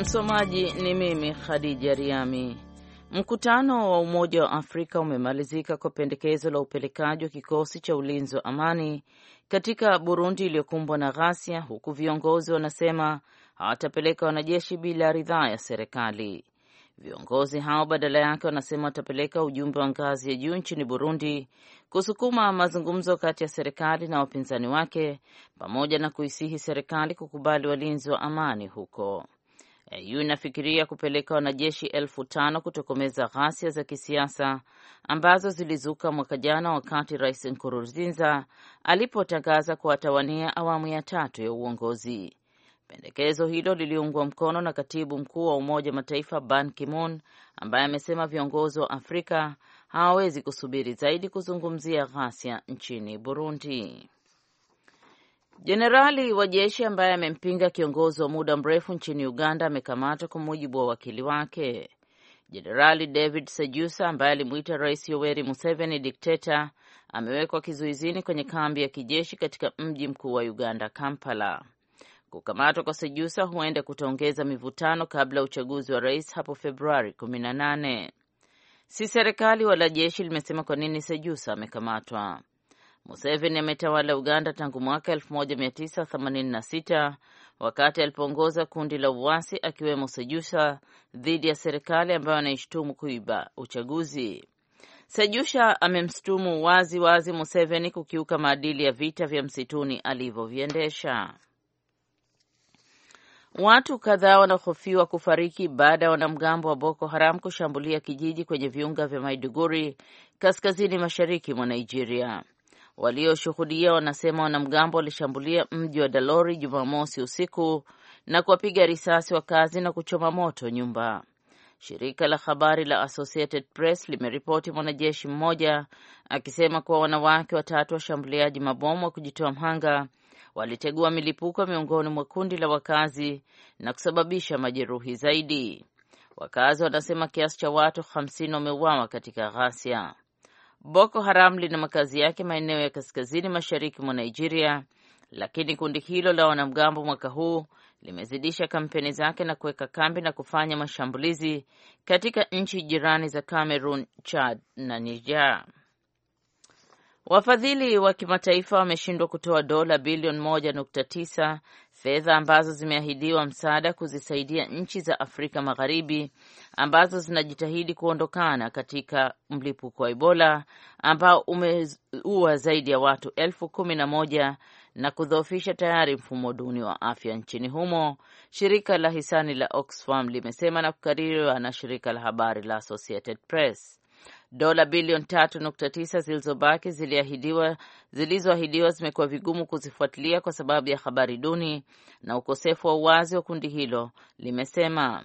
Msomaji ni mimi Khadija Riami. Mkutano wa Umoja wa Afrika umemalizika kwa pendekezo la upelekaji wa kikosi cha ulinzi wa amani katika Burundi iliyokumbwa na ghasia, huku viongozi wanasema hawatapeleka wanajeshi bila ridhaa ya serikali. Viongozi hao badala yake wanasema watapeleka ujumbe wa ngazi ya juu nchini Burundi kusukuma mazungumzo kati ya serikali na wapinzani wake, pamoja na kuisihi serikali kukubali walinzi wa amani huko. AU e, inafikiria kupeleka wanajeshi elfu tano kutokomeza ghasia za kisiasa ambazo zilizuka mwaka jana wakati Rais Nkurunziza alipotangaza kuwatawania awamu ya tatu ya uongozi. Pendekezo hilo liliungwa mkono na katibu mkuu wa Umoja Mataifa Ban Ki-moon ambaye amesema viongozi wa Afrika hawawezi kusubiri zaidi kuzungumzia ghasia nchini Burundi. Jenerali wa jeshi ambaye amempinga kiongozi wa muda mrefu nchini Uganda amekamatwa kwa mujibu wa wakili wake. Jenerali David Sejusa ambaye alimuita Rais Yoweri Museveni dikteta amewekwa kizuizini kwenye kambi ya kijeshi katika mji mkuu wa Uganda, Kampala. Kukamatwa kwa Sejusa huenda kutaongeza mivutano kabla ya uchaguzi wa rais hapo Februari 18. Si serikali wala jeshi limesema kwa nini Sejusa amekamatwa. Museveni ametawala Uganda tangu mwaka 1986 wakati alipoongoza kundi la uasi akiwemo Sejusa dhidi ya serikali ambayo anaishtumu kuiba uchaguzi. Sejusha amemshtumu wazi wazi Museveni kukiuka maadili ya vita vya msituni alivyoviendesha. Watu kadhaa wanahofiwa kufariki baada ya wanamgambo wa Boko Haram kushambulia kijiji kwenye viunga vya Maiduguri kaskazini mashariki mwa Nigeria. Walioshuhudia wanasema wanamgambo walishambulia mji wa Dalori Jumamosi usiku na kuwapiga risasi wakazi na kuchoma moto nyumba. Shirika la habari la Associated Press limeripoti mwanajeshi mmoja akisema kuwa wanawake watatu washambuliaji mabomu wa kujitoa mhanga walitegua milipuko miongoni mwa kundi la wakazi na kusababisha majeruhi zaidi. Wakazi wanasema kiasi cha watu 50 wameuawa katika ghasia. Boko Haram lina makazi yake maeneo ya kaskazini mashariki mwa Nigeria, lakini kundi hilo la wanamgambo mwaka huu limezidisha kampeni zake na kuweka kambi na kufanya mashambulizi katika nchi jirani za Cameroon, Chad na Niger. Wafadhili wa kimataifa wameshindwa kutoa dola bilioni moja nukta tisa fedha ambazo zimeahidiwa msaada kuzisaidia nchi za Afrika Magharibi ambazo zinajitahidi kuondokana katika mlipuko wa Ebola ambao umeua zaidi ya watu elfu kumi na moja na kudhoofisha tayari mfumo duni wa afya nchini humo, shirika la hisani la Oxfam limesema na kukaririwa na shirika la habari la Associated Press. Dola bilioni 3.9 zilizobaki ziliahidiwa zilizoahidiwa zimekuwa vigumu kuzifuatilia kwa sababu ya habari duni na ukosefu wa uwazi wa kundi hilo, limesema.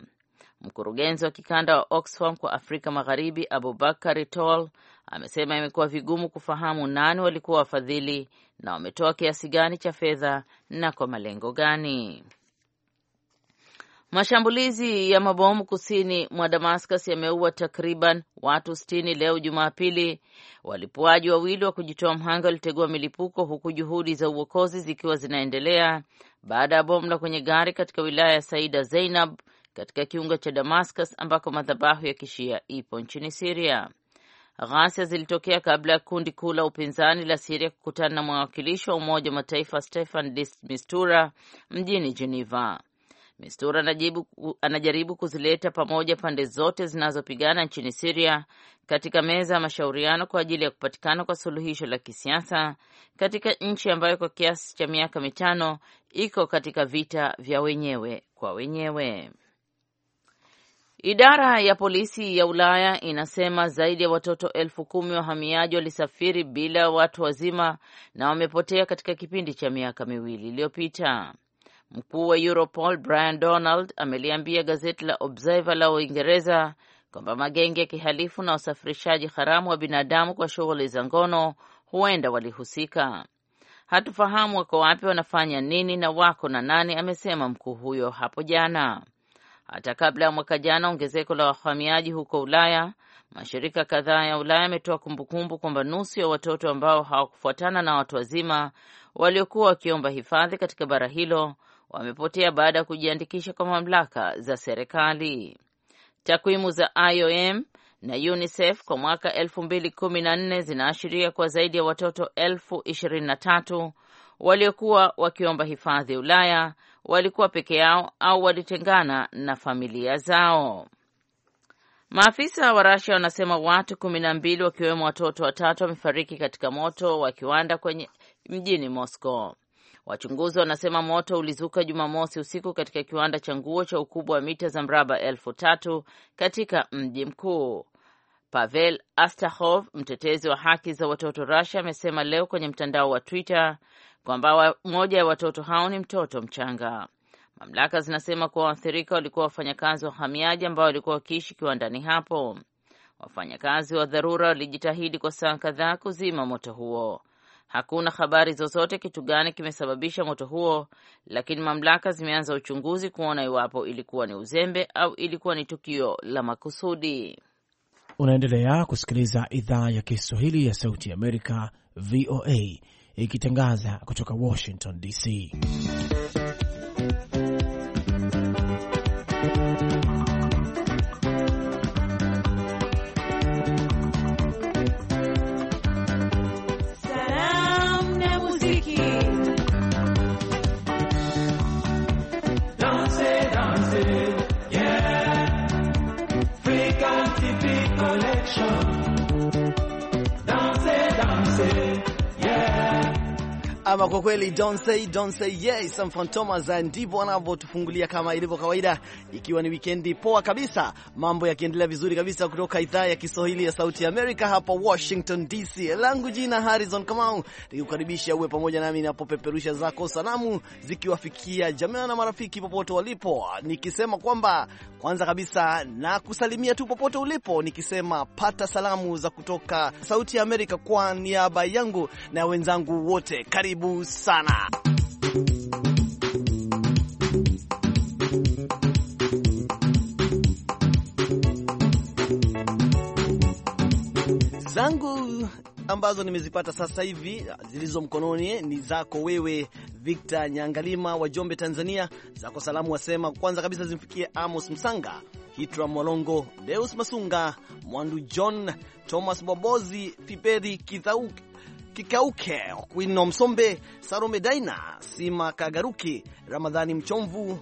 Mkurugenzi wa kikanda wa Oxfam kwa Afrika Magharibi, Abubakar Tol amesema imekuwa vigumu kufahamu nani walikuwa wafadhili na wametoa kiasi gani cha fedha na kwa malengo gani. Mashambulizi ya mabomu kusini mwa Damascus yameua takriban watu sitini leo Jumapili. Walipuaji wawili wa kujitoa mhanga walitegua milipuko huku juhudi za uokozi zikiwa zinaendelea baada ya bomu la kwenye gari katika wilaya ya Saida zeinab katika kiunga cha Damascus ambako madhabahu ya kishia ipo nchini Siria. Ghasia zilitokea kabla ya kundi kuu la upinzani la Siria kukutana na mwakilishi wa Umoja wa Mataifa Stefan de Mistura mjini Geneva. Mistura anajibu, anajaribu kuzileta pamoja pande zote zinazopigana nchini Siria katika meza ya mashauriano kwa ajili ya kupatikana kwa suluhisho la kisiasa katika nchi ambayo kwa kiasi cha miaka mitano iko katika vita vya wenyewe kwa wenyewe. Idara ya polisi ya Ulaya inasema zaidi ya watoto elfu kumi wahamiaji walisafiri bila watu wazima na wamepotea katika kipindi cha miaka miwili iliyopita. Mkuu wa Europol Brian Donald ameliambia gazeti la Observer la Uingereza kwamba magenge ya kihalifu na wasafirishaji haramu wa binadamu kwa shughuli za ngono huenda walihusika. Hatufahamu wako wapi, wanafanya nini na wako na nani, amesema mkuu huyo hapo jana. Hata kabla ya mwaka jana, ongezeko la wahamiaji huko Ulaya, mashirika kadhaa ya Ulaya yametoa kumbukumbu kwamba nusu ya watoto ambao hawakufuatana na watu wazima waliokuwa wakiomba hifadhi katika bara hilo wamepotea baada ya kujiandikisha kwa mamlaka za serikali. Takwimu za IOM na UNICEF kwa mwaka 2014 zinaashiria kwa zaidi ya watoto elfu ishirini na tatu waliokuwa wakiomba hifadhi Ulaya walikuwa peke yao au walitengana na familia zao. Maafisa wa Rasia wanasema watu kumi na mbili wakiwemo watoto watatu wamefariki katika moto wa kiwanda kwenye mjini Moscow. Wachunguzi wanasema moto ulizuka Jumamosi usiku katika kiwanda cha nguo cha ukubwa wa mita za mraba elfu tatu katika mji mkuu. Pavel Astahov, mtetezi wa haki za watoto rusia amesema leo kwenye mtandao wa Twitter kwamba mmoja ya watoto hao ni mtoto mchanga. Mamlaka zinasema kuwa waathirika walikuwa wafanyakazi wa uhamiaji ambao walikuwa wakiishi kiwandani hapo. Wafanyakazi wa dharura walijitahidi kwa saa kadhaa kuzima moto huo. Hakuna habari zozote kitu gani kimesababisha moto huo, lakini mamlaka zimeanza uchunguzi kuona iwapo ilikuwa ni uzembe au ilikuwa ni tukio la makusudi. Unaendelea kusikiliza idhaa ya Kiswahili ya Sauti ya Amerika, VOA, ikitangaza kutoka Washington DC. Ama kwa kweli don't say, don't say yes, Sam Fantomas ndivyo wanavyotufungulia kama ilivyo kawaida, ikiwa ni wikendi poa kabisa, mambo yakiendelea vizuri kabisa, kutoka idhaa ya Kiswahili ya Sauti ya Amerika hapa Washington DC. Langu jina Harrison Kamau, nikukaribisha uwe pamoja nami napopeperusha zako salamu zikiwafikia jamaa na marafiki popote walipo, nikisema kwamba kwanza kabisa na kusalimia tu popote ulipo, nikisema pata salamu za kutoka Sauti ya Amerika kwa niaba yangu na wenzangu wote, karibu karibu sana. zangu ambazo nimezipata sasa hivi zilizo mkononi ni zako wewe Victor Nyangalima wa Jombe, Tanzania. Zako salamu wasema kwanza kabisa zimfikie Amos Msanga, Hitra Mwalongo, Deus Masunga, Mwandu John Thomas, Bobozi Fiperi Kidhauki Kikauke Okwino Msombe, Sarome Daina, Sima Kagaruki, Ramadhani Mchomvu,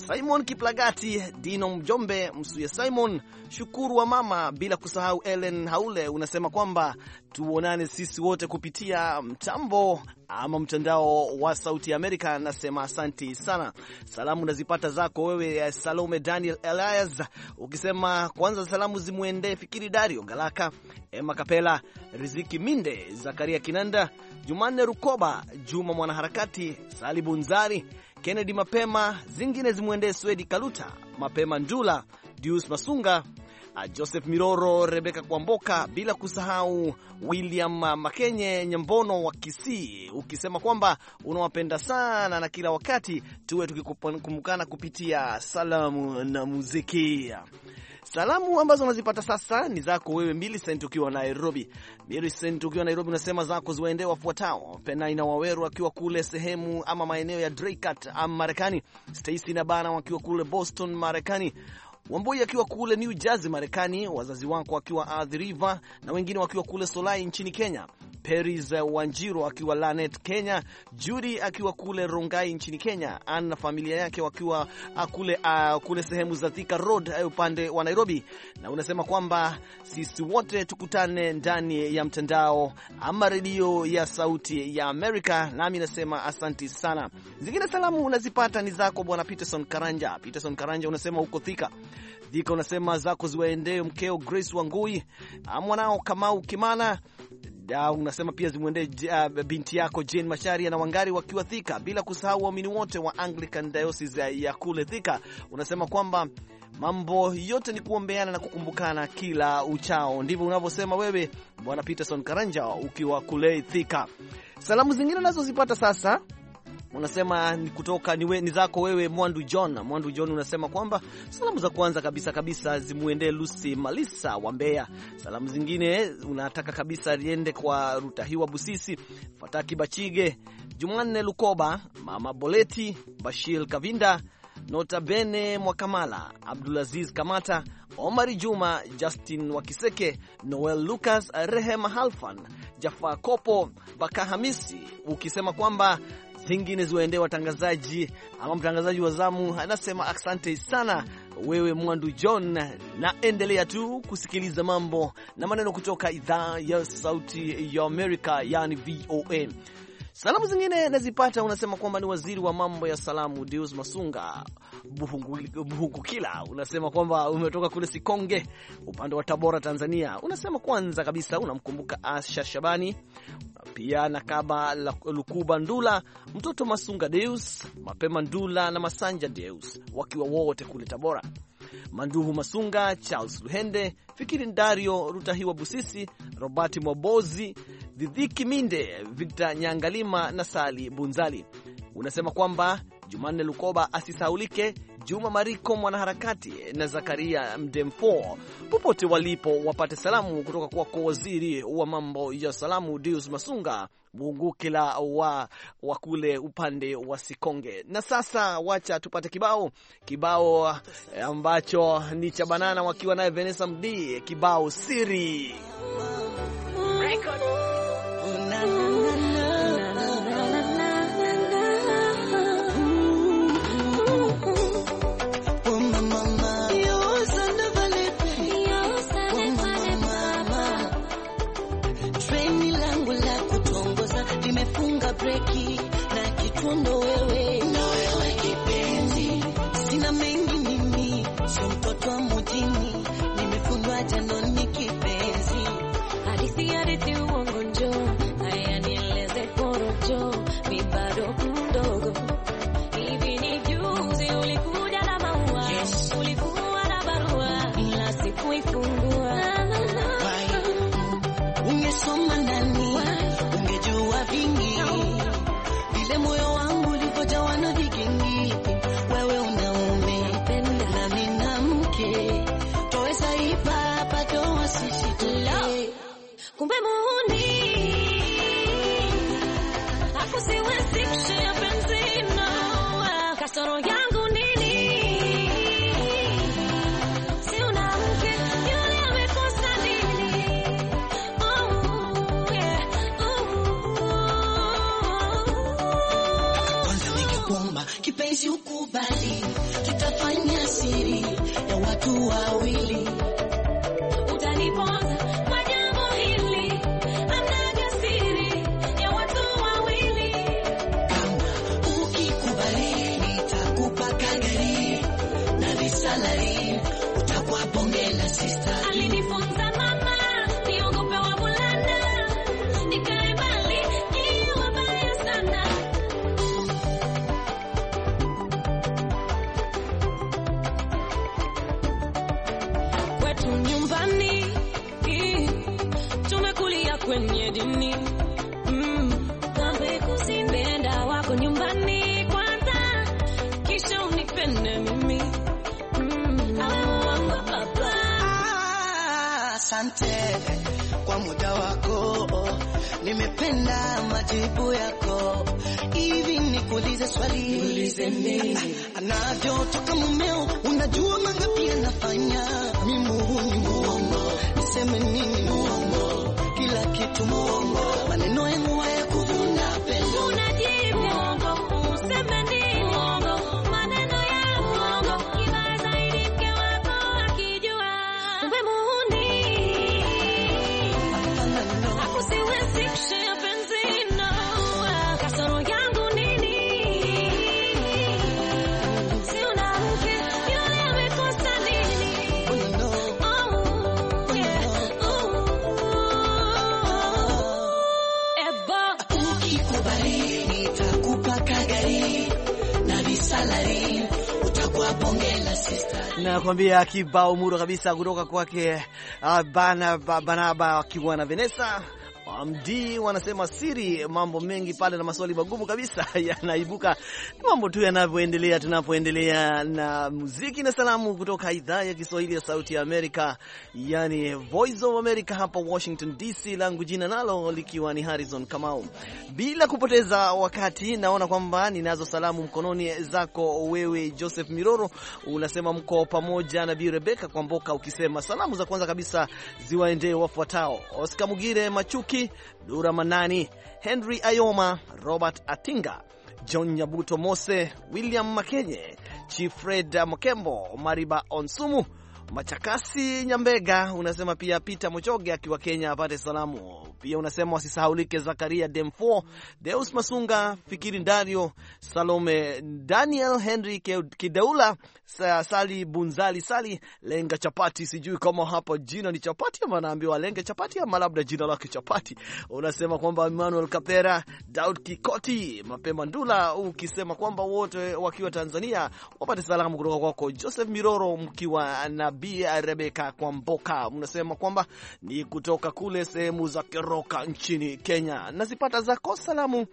Mm. Simon Kiplagati, Dino Mjombe, Msuya Simon, Shukuru wa mama, bila kusahau Ellen Haule. Unasema kwamba tuonane sisi wote kupitia mtambo ama mtandao wa Sauti Amerika. Nasema asanti sana. Salamu nazipata zako wewe Salome Daniel Elias, ukisema kwanza salamu zimwendee Fikiri Dario Galaka, Emma Kapela, Riziki Minde, Zakaria Kinanda, Jumanne Rukoba, Juma Mwanaharakati, Salibunzari Kennedy Mapema, zingine zimwendee Swedi Kaluta, Mapema Ndula, Dius Masunga, Joseph Miroro, Rebeka Kwamboka, bila kusahau William Makenye Nyambono wa Kisii, ukisema kwamba unawapenda sana na kila wakati tuwe tukikumbukana kupitia salamu na muziki. Salamu ambazo unazipata sasa ni zako wewe sent ukiwa Nairobi. sent ukiwa Nairobi unasema zako ziwaendee wafuatao: Penina Waweru akiwa kule sehemu ama maeneo ya Draycott Marekani, Stacy na Bana wakiwa kule Boston Marekani, Wamboi akiwa kule New Jersey, Marekani, wazazi wako wakiwa Athi River na wengine wakiwa kule Solai nchini Kenya, Peris Wanjiro akiwa Lanet, Kenya, Judy akiwa kule Rongai nchini Kenya, Ann na familia yake wakiwa ah, kule, uh, kule sehemu za Thika Road eh, upande wa Nairobi, na unasema kwamba sisi wote tukutane ndani ya mtandao ama redio ya Sauti ya Amerika. Nami nasema asanti sana. Zingine salamu unazipata ni zako Bwana Peterson Karanja. Peterson Karanja unasema huko Thika Dhika unasema zako ziwaendee mkeo Grace Wangui, ah, mwanao Kamau Kimana da, ah, unasema pia zimwendee uh, binti yako Jane Macharia na Wangari wakiwa Thika, bila kusahau waumini wote wa Anglican Diocese ya kule Thika. Unasema kwamba mambo yote ni kuombeana na kukumbukana kila uchao. Ndivyo unavyosema wewe Bwana Peterson Karanja ukiwa kule Thika. Salamu zingine nazozipata sasa unasema ni kutoka we, ni zako wewe Mwandu John. Mwandu John unasema kwamba salamu za kwanza kabisa kabisa zimuendee Lucy Malisa wa Mbeya. Salamu zingine unataka kabisa liende kwa Rutahiwa Busisi, Fataki Bachige, Jumanne Lukoba, Mama Boleti, Bashir Kavinda, Notabene Mwakamala, Abdulaziz Kamata, Omari Juma, Justin Wakiseke, Noel Lucas, Rehema Halfan, Jafar Kopo, bakahamisi ukisema kwamba zingine ziwaendee watangazaji ama mtangazaji wa zamu anasema asante sana wewe Mwandu John, na endelea tu kusikiliza mambo na maneno kutoka idhaa ya Sauti ya Amerika, yani VOA. Salamu zingine nazipata, unasema kwamba ni waziri wa mambo ya salamu Deus Masunga Buhungukila kila, Unasema kwamba umetoka kule Sikonge upande wa Tabora, Tanzania. Unasema kwanza kabisa unamkumbuka Asha Shabani pia na Kaba Lukuba Ndula, mtoto Masunga Deus Mapema Ndula na Masanja Deus wakiwa wote kule Tabora, Manduhu Masunga, Charles Luhende, Fikiri Ndario Rutahiwa Busisi, Robert Mwabozi dhidhiki Minde, Victor Nyangalima na Sali Bunzali. Unasema kwamba Jumanne Lukoba asisaulike, Juma Mariko mwanaharakati na Zakaria Mdemfo popote walipo wapate salamu kutoka kwako waziri wa mambo ya salamu Dius Masunga Bungukila wa, wa kule upande wa Sikonge. Na sasa wacha tupate kibao kibao ambacho ni cha Banana wakiwa naye Vanessa Mdi, kibao siri Record. usishikilie kumbe muhuni hapo siwezi kushia penzi no kasoro yangu nini si una mke yule amekosa nini oh, yeah. oh. kwanza ningekuomba kipenzi ukubali tutafanya siri ya watu wawili tu nyumbani, tumekulia kwenye dini mm. wako nyumbani kwanza, kisha unipende mimi mm. asante kwa muda wako, nimependa majibu yako. Hivi nikuulize swali, niulize nini? anavyotoka mumeo, unajua mangapi anafanya. Mi Mungu ni muongo, niseme nini? Muongo, kila kitu muongo, maneno Nakwambia kibao muro kabisa kutoka kwake ah, Bana Banaba akiwa na Vanessa md wanasema siri, mambo mengi pale na maswali magumu kabisa yanaibuka. Mambo tu yanavyoendelea, tunapoendelea na muziki na salamu kutoka idhaa ya Kiswahili ya Sauti ya Amerika, yani Voice of America hapa Washington DC, langu jina nalo likiwa ni Harrison Kamau. Bila kupoteza wakati, naona kwamba ninazo salamu mkononi zako wewe Joseph Miroro, unasema mko pamoja na Bi Rebeka Kwamboka, ukisema salamu za kwanza kabisa ziwaendee wafuatao: Oscar Mugire Machuki Dura Manani, Henry Ayoma, Robert Atinga, John Nyabuto Mose, William Makenye, fred Mokembo, Mariba Onsumu Machakasi Nyambega unasema pia Peter Mochoge akiwa Kenya apate salamu. Pia unasema wasisahaulike Zakaria Demfo, Deus Masunga, Fikiri Ndario, Salome Daniel, Henry Kideula, Sali Bunzali, Sali Lenga Chapati. Sijui kama hapo jina ni chapati ama naambiwa Lenga Chapati ama labda jina lake Chapati. Unasema kwamba Emmanuel Kapera, Daud Kikoti, Mapema Ndula, ukisema kwamba wote wakiwa Tanzania wapate salamu kutoka kwako Joseph Miroro mkiwa na Bi Rebeka Kwamboka, unasema kwamba ni kutoka kule sehemu za Keroka nchini Kenya. Nazipata zako salamu.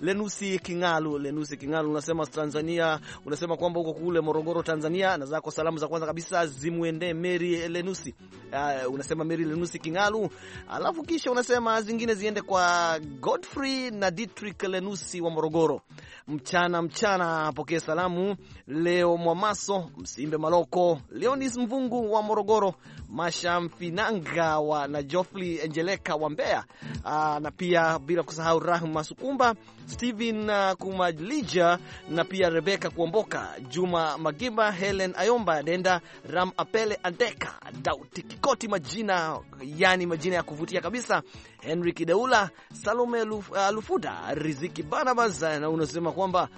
Lenusi Kingalu, Lenusi Kingalu unasema Tanzania, unasema kwamba huko kule Morogoro, Tanzania, na zako salamu za kwanza kabisa zimwendee Mary Lenusi. Uh, unasema Mary Lenusi Kingalu, alafu kisha unasema zingine ziende kwa Godfrey na Dietrich Lenusi wa Morogoro. Mchana mchana, apokee salamu leo Mwamaso Msimbe Maloko, Leonis Mvungu Mungu wa Morogoro, Mashamfinanga wa na Jofli Enjeleka wa Mbeya, ah, na pia bila kusahau Rahma Sukumba, Steven ah, Kumalija na pia Rebeka Kuomboka, Juma Magimba, Helen Ayomba Denda, Ram Apele Andeka, Dauti Kikoti, majina yani majina ya kuvutia kabisa, Henry Kideula, Salome ah, Lufuda, Riziki Barnabas, na unasema kwamba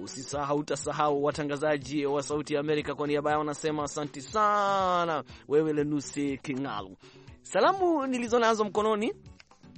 Usisahau, utasahau watangazaji wa Sauti ya Amerika. Kwa niaba yao wanasema asanti sana, wewe Lenusi Kingalu. Salamu nilizo nazo mkononi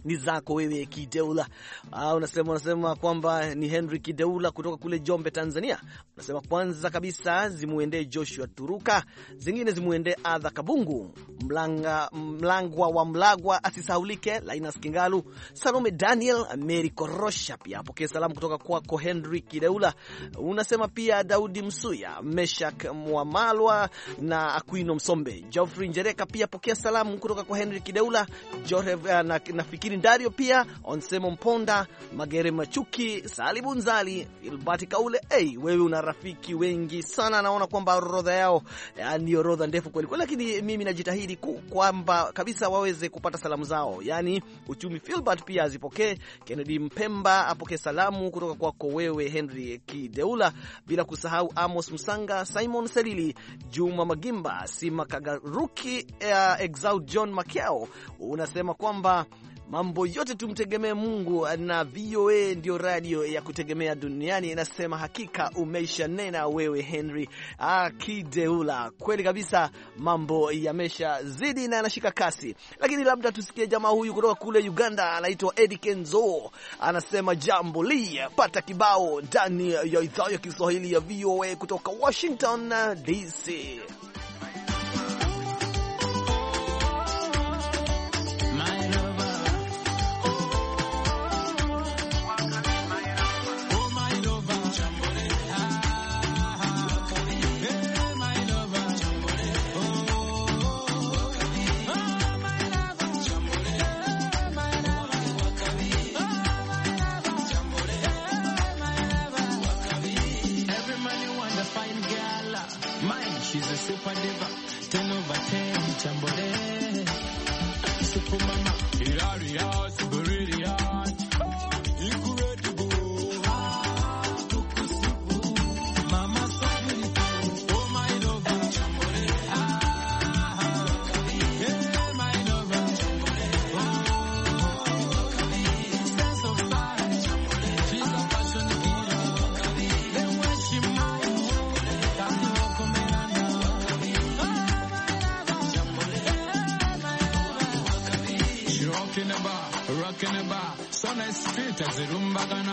ni zako wewe Kideula. Ah, unasema unasema kwamba ni Henry Kideula kutoka kule Jombe, Tanzania. Unasema kwanza kabisa zimuendee Joshua Turuka, zingine zimuendee Adha Kabungu, Mlanga Mlangwa wa Mlagwa asisaulike, Linus Kingalu, Salome Daniel, Mary Korosha pia apokee salamu kutoka kwako Henry Kideula. Unasema pia Daudi Msuya, Meshak Mwamalwa na Aquino Msombe, Geoffrey Njereka pia apokea salamu kutoka kwa Henry Kideula, Jorev, na, nafikiri Mjindario pia Onsemo Mponda, Magere Machuki, Salibu Nzali, Filbati Kaule. Hey, wewe una rafiki wengi sana, naona kwamba orodha yao eh, ni orodha ndefu kweli kweli, lakini mimi najitahidi kwamba kabisa waweze kupata salamu zao, yani uchumi. Philbert pia azipokee, Kennedy Mpemba apokee salamu kutoka kwako wewe Henry Kideula, bila kusahau Amos Msanga, Simon Selili, Juma Magimba, Sima Kagaruki, eh, Exaud John Makao, unasema kwamba Mambo yote tumtegemee Mungu na VOA ndio radio ya kutegemea duniani inasema, hakika umeisha nena wewe Henry Akideula. Kweli kabisa, mambo yamesha zidi na yanashika kasi, lakini labda tusikie jamaa huyu kutoka kule Uganda, anaitwa Eddie Kenzo, anasema jambo li pata kibao ndani ya idhaa ya Kiswahili ya VOA kutoka Washington DC. Tazerum bagana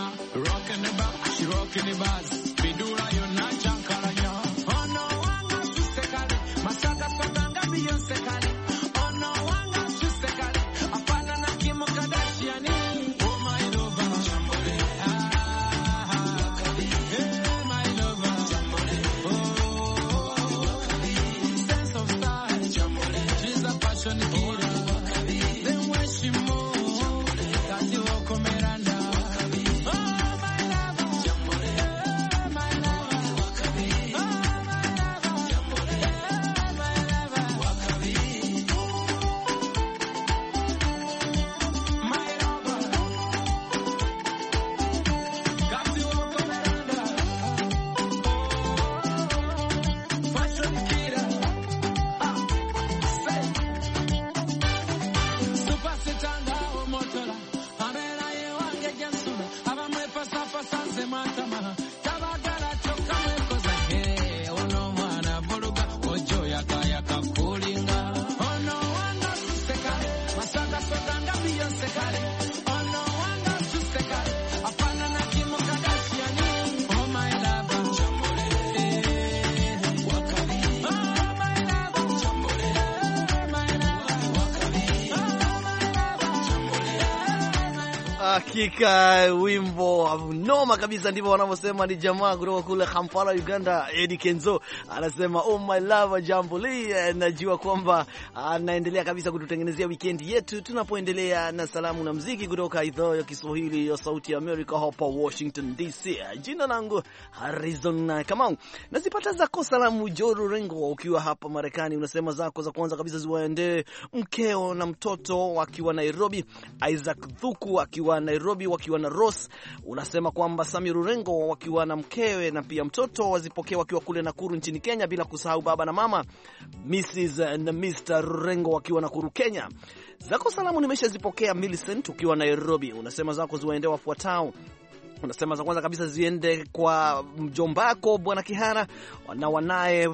Hakika wimbo noma kabisa, ndivyo wanavyosema. Ni jamaa kutoka kule Kampala, Uganda, Eddie Kenzo anasema oh my love jambulie. Najua kwamba anaendelea kabisa kututengenezea weekend yetu, tunapoendelea na salamu na mziki kutoka idhaa ya Kiswahili ya Sauti ya Amerika hapa Washington DC. Jina langu Harrison Kamau, nazipata zako salamu. Joru Rengo, ukiwa hapa Marekani, unasema zako za kwanza kabisa ziwaendee mkeo na mtoto wakiwa Nairobi, Isaac Thuku akiwa Nairobi wakiwa na Ross. Unasema kwamba Samir Urengo wakiwa na mkewe na pia mtoto wazipokea wakiwa kule Nakuru nchini Kenya, bila kusahau baba na mama Mrs na Mr Rurengo wakiwa Nakuru Kenya. Zako salamu nimeshazipokea. Millicent ukiwa Nairobi unasema zako ziwaendea wafuatao unasema za kwanza kabisa ziende kwa mjombako Bwana Kihara na wanaye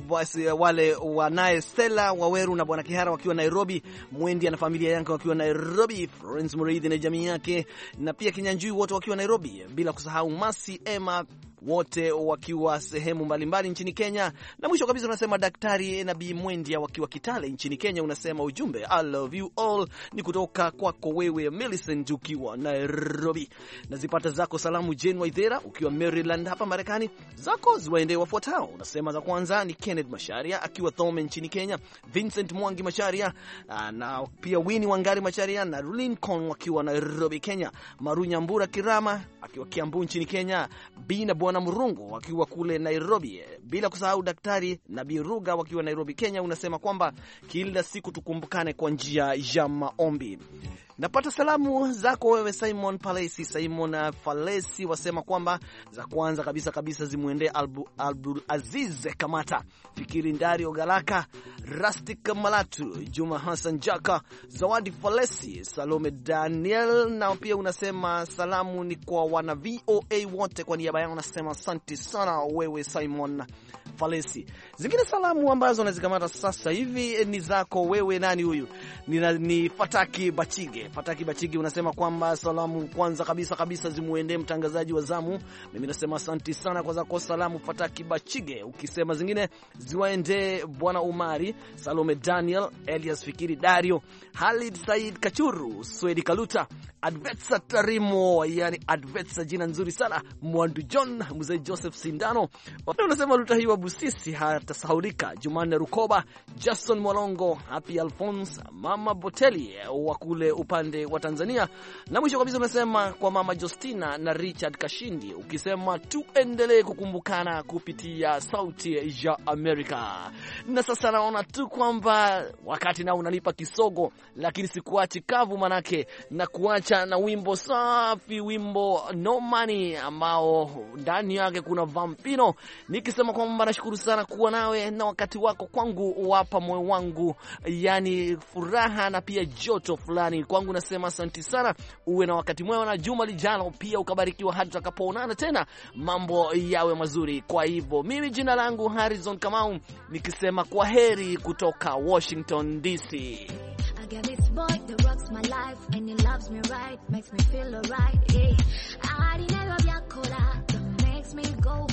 wale wanaye Stella Waweru na Bwana Kihara wakiwa Nairobi, Mwendi na familia yake wakiwa Nairobi, Florence Muriithi na jamii yake, na pia Kinyanjui wote wakiwa Nairobi, bila kusahau Masi Emma wote wakiwa sehemu mbalimbali nchini Kenya. Na mwisho kabisa unasema Daktari Nabi Mwendia wakiwa Kitale nchini Kenya, unasema ujumbe I love you all ni kutoka kwako wewe Millicent ukiwa Nairobi. Nazipata zako salamu Jane Waithera ukiwa Maryland hapa Marekani, zako ziwaendee wafuatao. Unasema za kwanza ni Kenneth Masharia akiwa Thome nchini Kenya, Vincent Mwangi Masharia ah, na pia Wini Wangari Masharia na Lincoln wakiwa Nairobi Kenya, Marunya Mbura Kirama akiwa Kiambu nchini Kenya, Bina Murungu wakiwa kule Nairobi, bila kusahau Daktari ruga wakiwa Nairobi, Kenya, unasema kwamba kila siku tukumbukane kwa njia ya maombi. Napata salamu zako wewe Simon Palesi. Simon Falesi wasema kwamba za kwanza kabisa kabisa zimwendee Abdul Aziz Kamata, Fikiri ndari ogalaka Rastik Malatu, Juma Hassan Jaka, Zawadi Falesi, Salome Daniel, na pia unasema salamu ni kwa wana VOA wote. Kwa niaba yao nasema asante sana wewe Simon Falesi. Zingine salamu ambazo nazikamata sasa hivi eh, ni zako wewe. Nani huyu? ni, ni Fataki Bachige. Fataki Bachige unasema kwamba salamu kwanza kabisa kabisa zimuendee mtangazaji wa zamu. Mimi nasema asanti sana kwa zako salamu Fataki Bachige, ukisema zingine ziwaendee Bwana Umari, Salome Daniel, Elias Fikiri, Dario Halid, Said Kachuru, Swedi Kaluta, Advetsa Tarimo, yani Advetsa jina nzuri sana, Mwandu John, Mzee Joseph Sindano. Unasema Lutahiwa Busisi hatasahaulika: Jumanne Rukoba, Jason Mwalongo, Happy Alphonse, Mama Boteli wa kule upande wa Tanzania, na mwisho kabisa umesema kwa Mama Justina na Richard Kashindi, ukisema tuendelee kukumbukana kupitia Sauti ya Amerika. Na sasa naona tu kwamba wakati nao unalipa kisogo, lakini sikuachi kavu manake na kuacha na wimbo safi, wimbo No Money ambao ndani yake kuna Vampino, nikisema kwamba nashukuru sana kuwa na nawe na wakati wako kwangu wapa moyo wangu, yani furaha na pia joto fulani kwangu. Nasema asanti sana, uwe na wakati mwema na juma lijalo pia ukabarikiwa, hadi tutakapoonana tena, mambo yawe mazuri. Kwa hivyo mimi jina langu Harrison Kamau nikisema kwa heri kutoka Washington DC. this boy that rocks my life he loves me right, makes me feel alright. Yeah. I cola that makes me go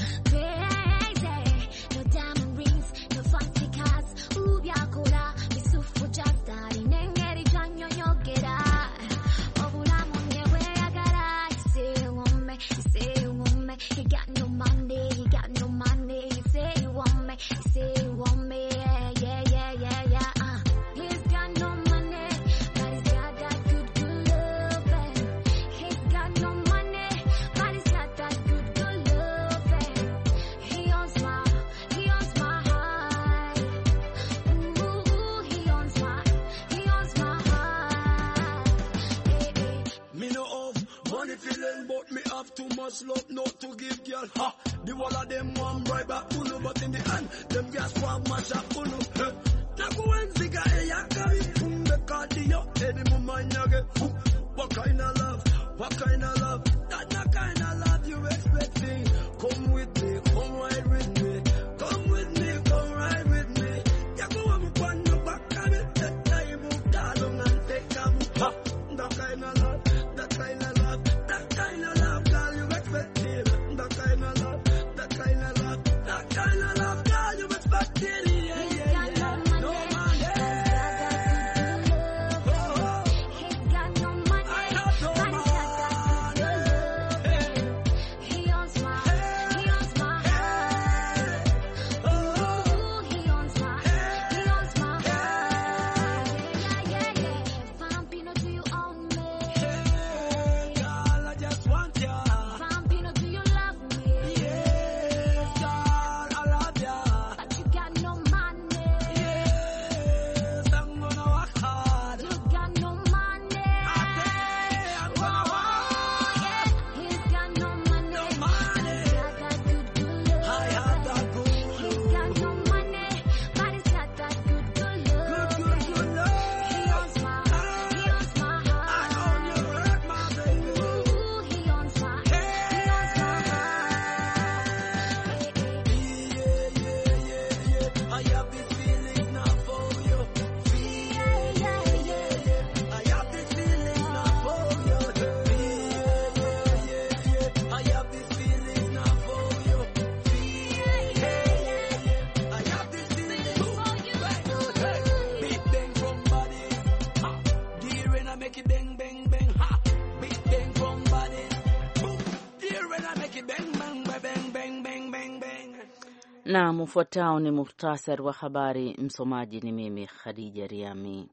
na ufuatao ni muhtasari wa habari. Msomaji ni mimi Khadija Riami.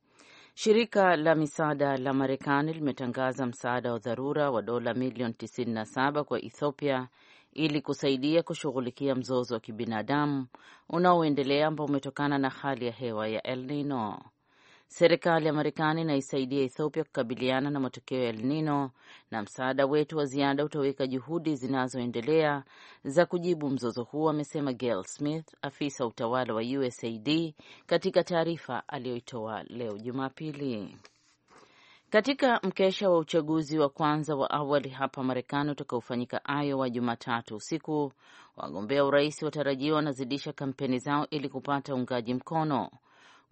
Shirika la misaada la Marekani limetangaza msaada wa dharura wa dola milioni 97 kwa Ethiopia ili kusaidia kushughulikia mzozo wa kibinadamu unaoendelea ambao umetokana na hali ya hewa ya El Nino. Serikali ya Marekani inaisaidia Ethiopia kukabiliana na matokeo ya El Nino na msaada wetu wa ziada utaweka juhudi zinazoendelea za kujibu mzozo huo, amesema Gail Smith, afisa utawala wa USAID katika taarifa aliyoitoa leo Jumapili. Katika mkesha wa uchaguzi wa kwanza wa awali hapa Marekani utakaofanyika Iowa Jumatatu usiku, wagombea urais watarajiwa wanazidisha kampeni zao ili kupata uungaji mkono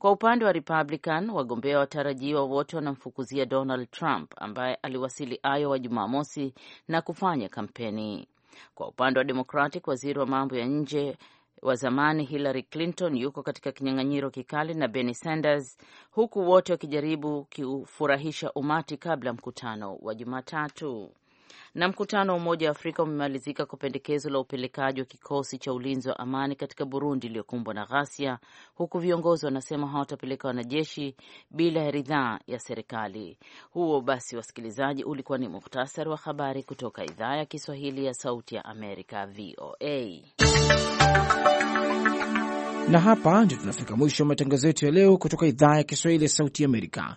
kwa upande wa Republican, wagombea watarajiwa wote wanamfukuzia Donald Trump ambaye aliwasili Iowa Jumamosi na kufanya kampeni. Kwa upande wa Democratic, waziri wa mambo ya nje wa zamani Hillary Clinton yuko katika kinyang'anyiro kikali na Bernie Sanders, huku wote wakijaribu kufurahisha umati kabla mkutano wa Jumatatu. Na mkutano wa Umoja wa Afrika umemalizika kwa pendekezo la upelekaji wa kikosi cha ulinzi wa amani katika Burundi iliyokumbwa na ghasia, huku viongozi wanasema hawatapeleka wanajeshi bila ya ridhaa ya serikali. Huo basi, wasikilizaji, ulikuwa ni muhtasari wa habari kutoka idhaa ya Kiswahili ya Sauti ya Amerika, VOA. Na hapa ndio tunafika mwisho wa matangazo yetu ya leo kutoka idhaa ya Kiswahili ya Sauti Amerika.